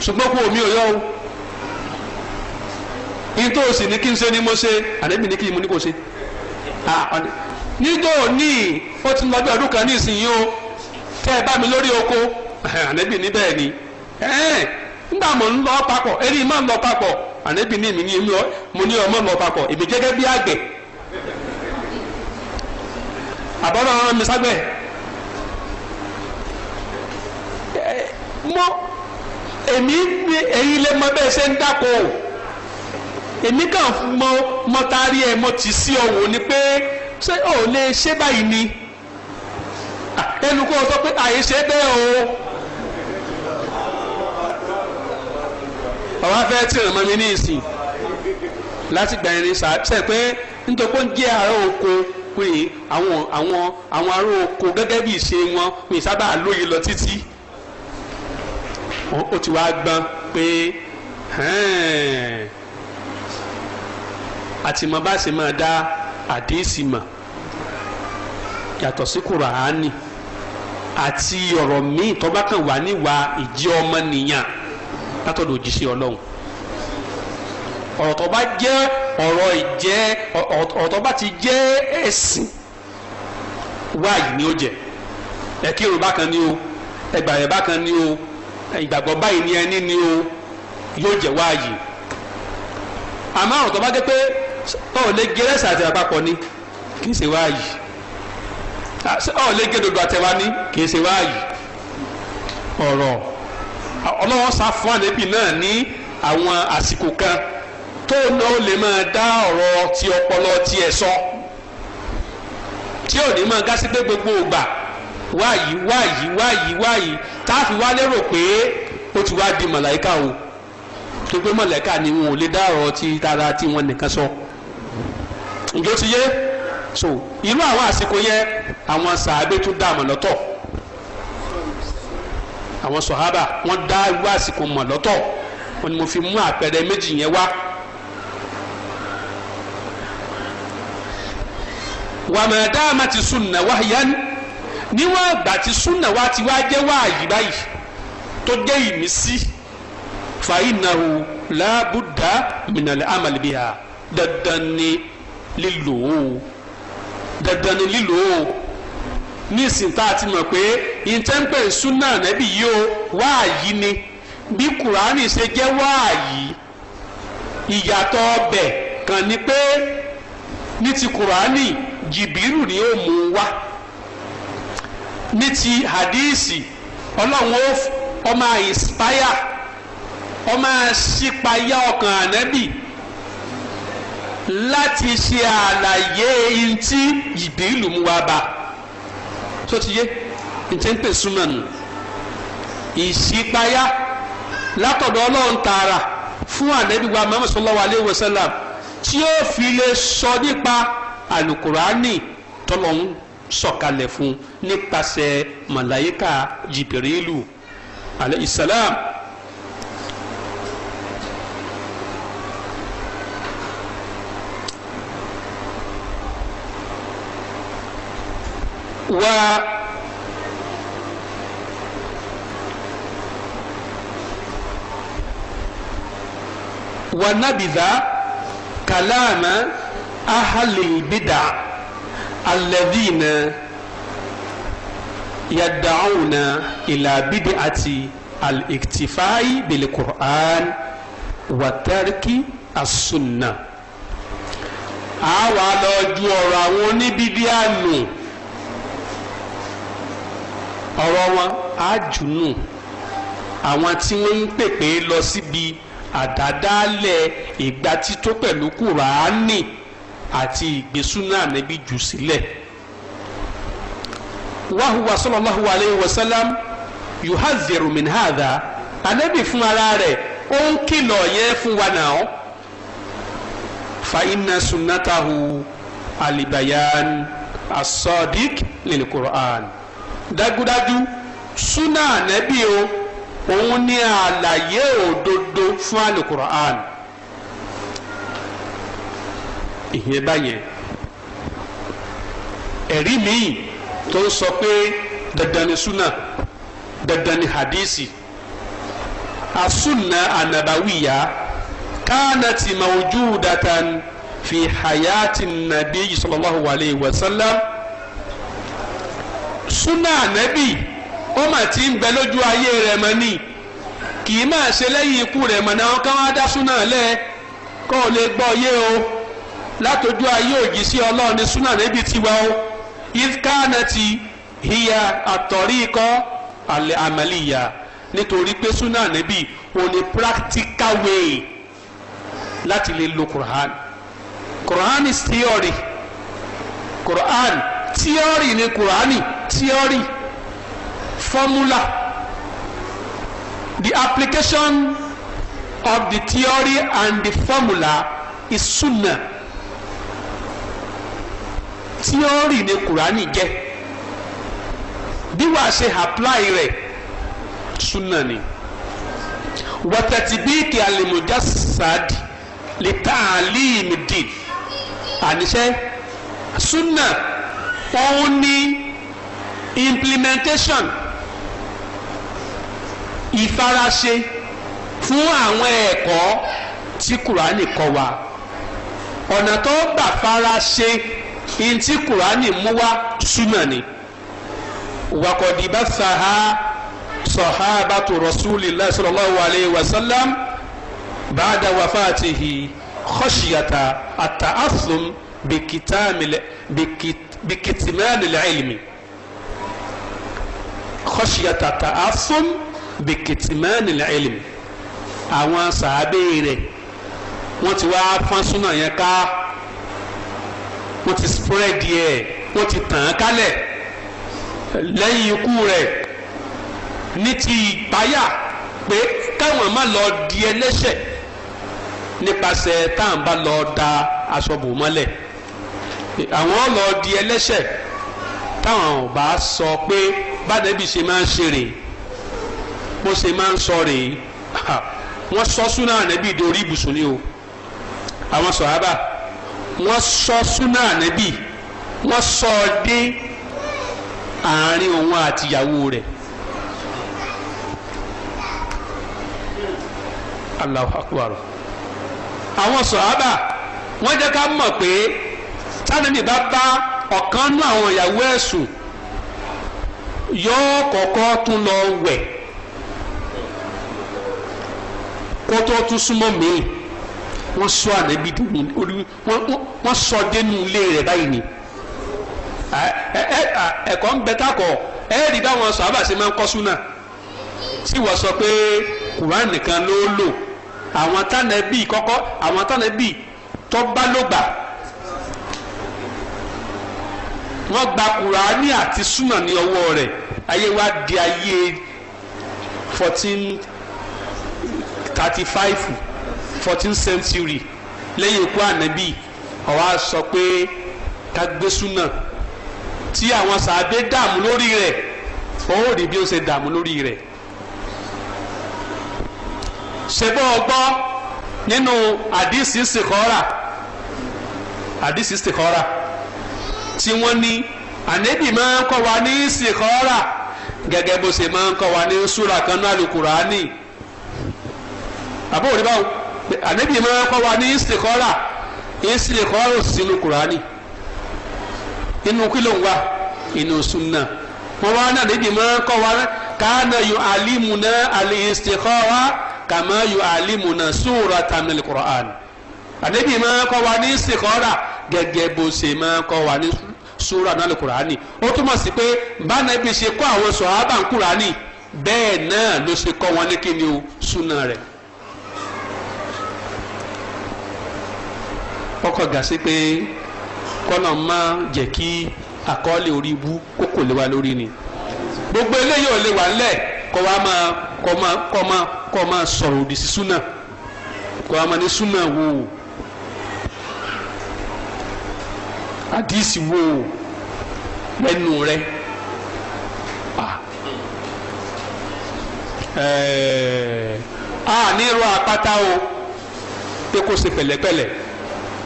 ṣùgbọ́n kú omi ò yọ o yín tó o ní kí n ṣe ni mo ṣe àdébì ní kí mo ní kò ṣe nígbà òní ó ti lọ bí ọdún kan ní ìsinyìí o tẹ́ ẹ bá mi lórí oko àdébì ní bẹ́ẹ̀ ni nígbà mo ń lọ papọ̀ eré má ń lọ papọ̀ àdébì ní mo ní ọmọ ń lọ papọ̀ èmi gẹ́gẹ́ bí àgbẹ̀ mi mo. èmi ẹ̀yin lè mọ bẹ́ẹ̀ ṣe ń dáko èmi kàn mọ mọ taari ẹ̀ mọ tì sí ọ̀wọ́ ni pé ṣé ò lè ṣe báyìí ni ẹnu kó o sọ pé àyè ṣe bẹ́ẹ̀ o bàbá fẹ́ tì ràn mi ní ìsìn láti gbà irin ṣe pé nítorí ń jẹ́ àárọ̀ oko pé àwọn àwọn oko gẹ́gẹ́ bí ìṣe wọn pé sábà lóye lọ títí. ó ti wa gbọ́n pé àtìmọ́ bá sì máa dá àdéhìsì mọ̀ yàtọ̀ sí kùràánì àti ọ̀rọ̀ míì tó kan wa wá níwà ìjí ọmọnìyàn látọ̀dọ̀ òjíṣẹ́ ọlọ́run ọ̀rọ̀ tó ọrọ jẹ́ ọ̀rọ̀ ìjẹ́ ọ̀rọ̀ tó ti jẹ́ ẹ̀sìn ni ó jẹ́ ẹ̀kírun bákan ni o ẹgbàrẹ̀ bákan ni o. ìgbàgbọ́ báyìí ni ẹni ni o yóò jẹ́ wáàyè àmọ́ ọ̀rọ̀ tó bá dé pé ọ̀ lè gé lẹ́sẹ̀ àti àpapọ̀ ni kì í ṣe wáàyè ọ̀ lè gé dodo àtẹ̀wá ni kì í ṣe wáàyè ọ̀rọ̀ ọlọ́wọ́ sá fún àlébì náà ní àwọn àsìkò kan tó náà ó lè máa dá ọ̀rọ̀ ti ọpọlọ tiẹ̀ sọ tí ò ní máa gásí pé gbogbo ògbà wáyìí wáyìí wáyìí wáyìí tá a fi wá lérò pé ó ti wá di màláìka o tó pé màláìka ni wọn ò lè dá ọ̀rọ̀ ti tara tí wọn nìkan sọ ǹjọ́ ti yé so irú àwọn àsìkò yẹn àwọn sàábé tún dá àmọ̀ àwọn sọ̀hábà wọ́n dá irú àsìkò mọ̀ wọn ni mo fi mú àpẹẹrẹ méjì yẹn wá. wàmẹ̀dáàmà ti sunna wáyán níwọ̀n àgbà tí súnà wa ti wá jẹ́ wáàyí báyìí tó jẹ́ ìmísí fàyínàwó làbúdà mìnàlẹ́ àmàlẹ́bíà dandan ni lílò ó dandan ni lílò ó ní ìsìn tá a ti mọ̀ pé ìtẹ́ńpẹ̀ súnà nẹ́bí yìí ó wáàyí ni bí kùránì ṣe jẹ́ wáàyí ìyàtọ̀ ọbẹ̀ kan ni pé ní ti kùránì jìbìrù ni ó mú wá ní ti hadíìsì ọlọ́run ó máa inspire ó máa ṣípayá ọkàn ànábì láti ṣe àlàyé ntí ìbílù mú wa bá tó ti yé ntí ń pè súnmọ́ nù ìṣípayá látọ̀dọ̀ ọlọ́run tààrà fún ànábì wa Muhammad sallallahu alayhi wa sallam tí ó fi lè sọ nípa alukurani tọ́lọ́hún sọ̀kalẹ̀ fún nípasẹ̀ màláyíkà jìbìrìlù alayhi salam wa wa nabidha kalama ahalil bid'ah alẹ́dínà يدعون إلى bídí àti بالقرآن وترك السنة Qur'an wa tarki as-sunna àwa lọ ju ọ̀rọ̀ àwọn oníbídíà nù ọ̀rọ̀ wọn á jù àwọn tí wọ́n ń pèpè lọ síbi àdádálẹ̀ ìgbà tító pẹ̀lú Kùránì. Si àti ìgbésúná ànábì jù sílẹ̀ wàhùwà sallallahu alayhi wa sallam yuhadhiru min hadha ànábì fún ara rẹ̀ ó ń kìlọ̀ yẹn fún wa náà fa inna sunnatahu alibayan asodiq lil Qur'an dájúdájú súnà ànábì o òun ni àlàyé òdodo fún alukur'an ìyẹn báyẹn ẹ̀rí míì tó ń sọ pé dandan ni sunna dandan ni hadisi asunna anabawiya kánàtì mawjúdatan fi hayati nabi sallallahu alayhi wa sallam sunna anabi ó mà ti ń bẹ lójú ayé rẹ̀ mọ ni kì í máa ṣe lẹ́yìn ikú rẹ̀ mọ náà káwọn adásúná lẹ kó o lè gbọ́ yé o látọjú ayé òjíṣẹ́ Ọlọ́run ní súnà níbi tiwa o ìkànnàtì hiya àtọ̀ríkọ alẹ́ àmàlìyà nítorí pé súnà níbi òun ni practical way láti lè lo Quran Quran is theory Quran theory ni Quran theory formula the application of the theory and the formula is sunnah tíọ́rì ni kùránì jẹ́ bí wàá ṣe apply rẹ̀ súnà ni wàtàtìbíkì alimujassad lè ta àlìmì dì àníṣe súnà òun ni implementation ìfaraṣe fún àwọn ẹ̀kọ́ tí kùránì kọ́ wa ọ̀nà tó gbà faraṣe ntí kùránì mú wá súnà ni wàkọ̀dì bá sàhá sọ̀hábàtò rasulillah sallallahu alayhi wa sallam bàdà wàfàtìhì khashiyata àtàásùm bìkìtìmáàlì ilmi khashiyata àtàásùm bìkìtìmáàlì ilmi àwọn sàábé rẹ̀ wọ́n ti wá fọ́n súnà yẹn ká wọ́n ti spread ẹ̀ wọ́n ti tàn án kálẹ̀ lẹ́yìn ikú rẹ̀ ní ti ìpáyà pé káwọn má lọ di ẹlẹ́ṣẹ̀ nípasẹ̀ tá à ń bá lọ da aṣọ bò mọ́lẹ̀ àwọn lọ di ẹlẹ́ṣẹ̀ táwọn ò bá sọ pé bàdẹ́bí ṣe máa ń ṣe rèé bó ṣe máa ń sọ rèé wọ́n sọ súnà ànẹ́bí dorí ibùsùn ni o àwọn sọ̀hábà. So wọ́n sọ súnà ànábì wọ́n sọ ọ dé àárín òun àtìyàwó rẹ̀ Allahu akbar àwọn sọ̀hábà wọ́n jẹ́ ká mọ̀ pé tánàbì bá bá ọ̀kan nú àwọn ìyàwó ẹ̀ sùn yóò kọ́kọ́ tún lọ wẹ̀ kó tó tún súnmọ́ mìíràn wọ́n sọ ànábì dùn ní wọ́n sọ dénú ilé rẹ̀ báyìí ni ẹ̀kọ́ ń bẹ takọ̀ ẹ̀ẹ́dì báwọn sàhábà ṣe máa ń kọ́ súnà tí wọ́n sọ pé Kùránì nìkan ló lò àwọn tánẹ́bì kọ́kọ́ àwọn tánẹ́bì tó bá ló gbà wọ́n gba Kùránì àti súnà ní ọwọ́ rẹ̀ ayé wa di ayé fourteen thirty five fourteen century lẹ́yìn ikú ànábì ó wá sọ pé ká gbé súnà tí àwọn sàábé dààmú lórí rẹ̀ ó rí bí ó ṣe dààmú lórí rẹ̀ ṣẹgbọ́n ọgbọ́ nínú àdìsí sèkọ́ra àdìsí sèkọ́ra tí wọ́n ní ànábì máa ń kọ́ wa ní sèkọ́ra gẹ́gẹ́ bó ṣe máa ń kọ́ wa ní súra kan náà lùkùránì àbúrò rí báwo ànábì máa ń kọ́ wa ní istikọ́ra istikọ́ra ò sí ní kùránì inú kí ló ń wà inú sunna wọn wá náà ànábì máa ń kọ́ wa káàna yu alimuna ali istikọ́ra kàmá yu alimuna sùúrà tàmílì kùránì ànábì máa ń kọ́ wa ní istikọ́ra gẹ́gẹ́ bó ṣe máa wa ní sùúrà náà lè kùránì ó túmọ̀ sí pé bá ànábì ṣe kọ́ àwọn sọ̀hábà ń kùránì bẹ́ẹ̀ náà ló ṣe kọ́ wọn ní kíni o sunna rẹ̀. kọkọ ga sí pé kọ́nà máa jẹ́ kí àkọọ́lẹ̀ orí ibú kó kò lè wa lórí ni gbogbo eléyìí ò lè wà ńlẹ̀ kọ́ wa máa kọ́ máa kọ́ máa kọ́ máa sọ̀rọ̀ òdì sí súnà kọ́ wa máa ní súnà wò ó àdìsí wò ó lẹ́nu rẹ̀ a ní irú apáta o pé kó ṣe pẹ̀lẹ́pẹ̀lẹ́.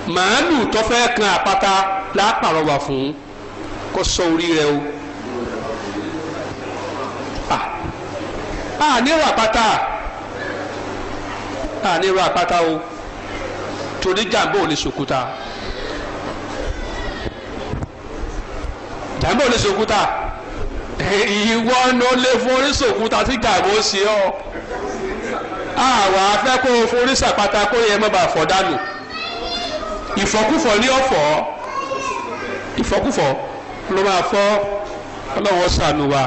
màálù tó fẹ́ kan àpáta lápàrọ̀wà fún kó sọ orí rẹ o. a nírò àpáta a nírò àpáta o torí jàǹbá ò lè sòkúta jàǹbá ò lè sòkúta ìwọ ló lè forí sòkúta tí jàǹbá ó ṣe ọ àwa afẹ́ kó forí sàpáta kó yẹ mọ́ bá fọ́ dànù ìfọkúfọ ní ọ̀fọ̀ ìfọkúfọ ló máa fọ́ ọlọ́run ó wa.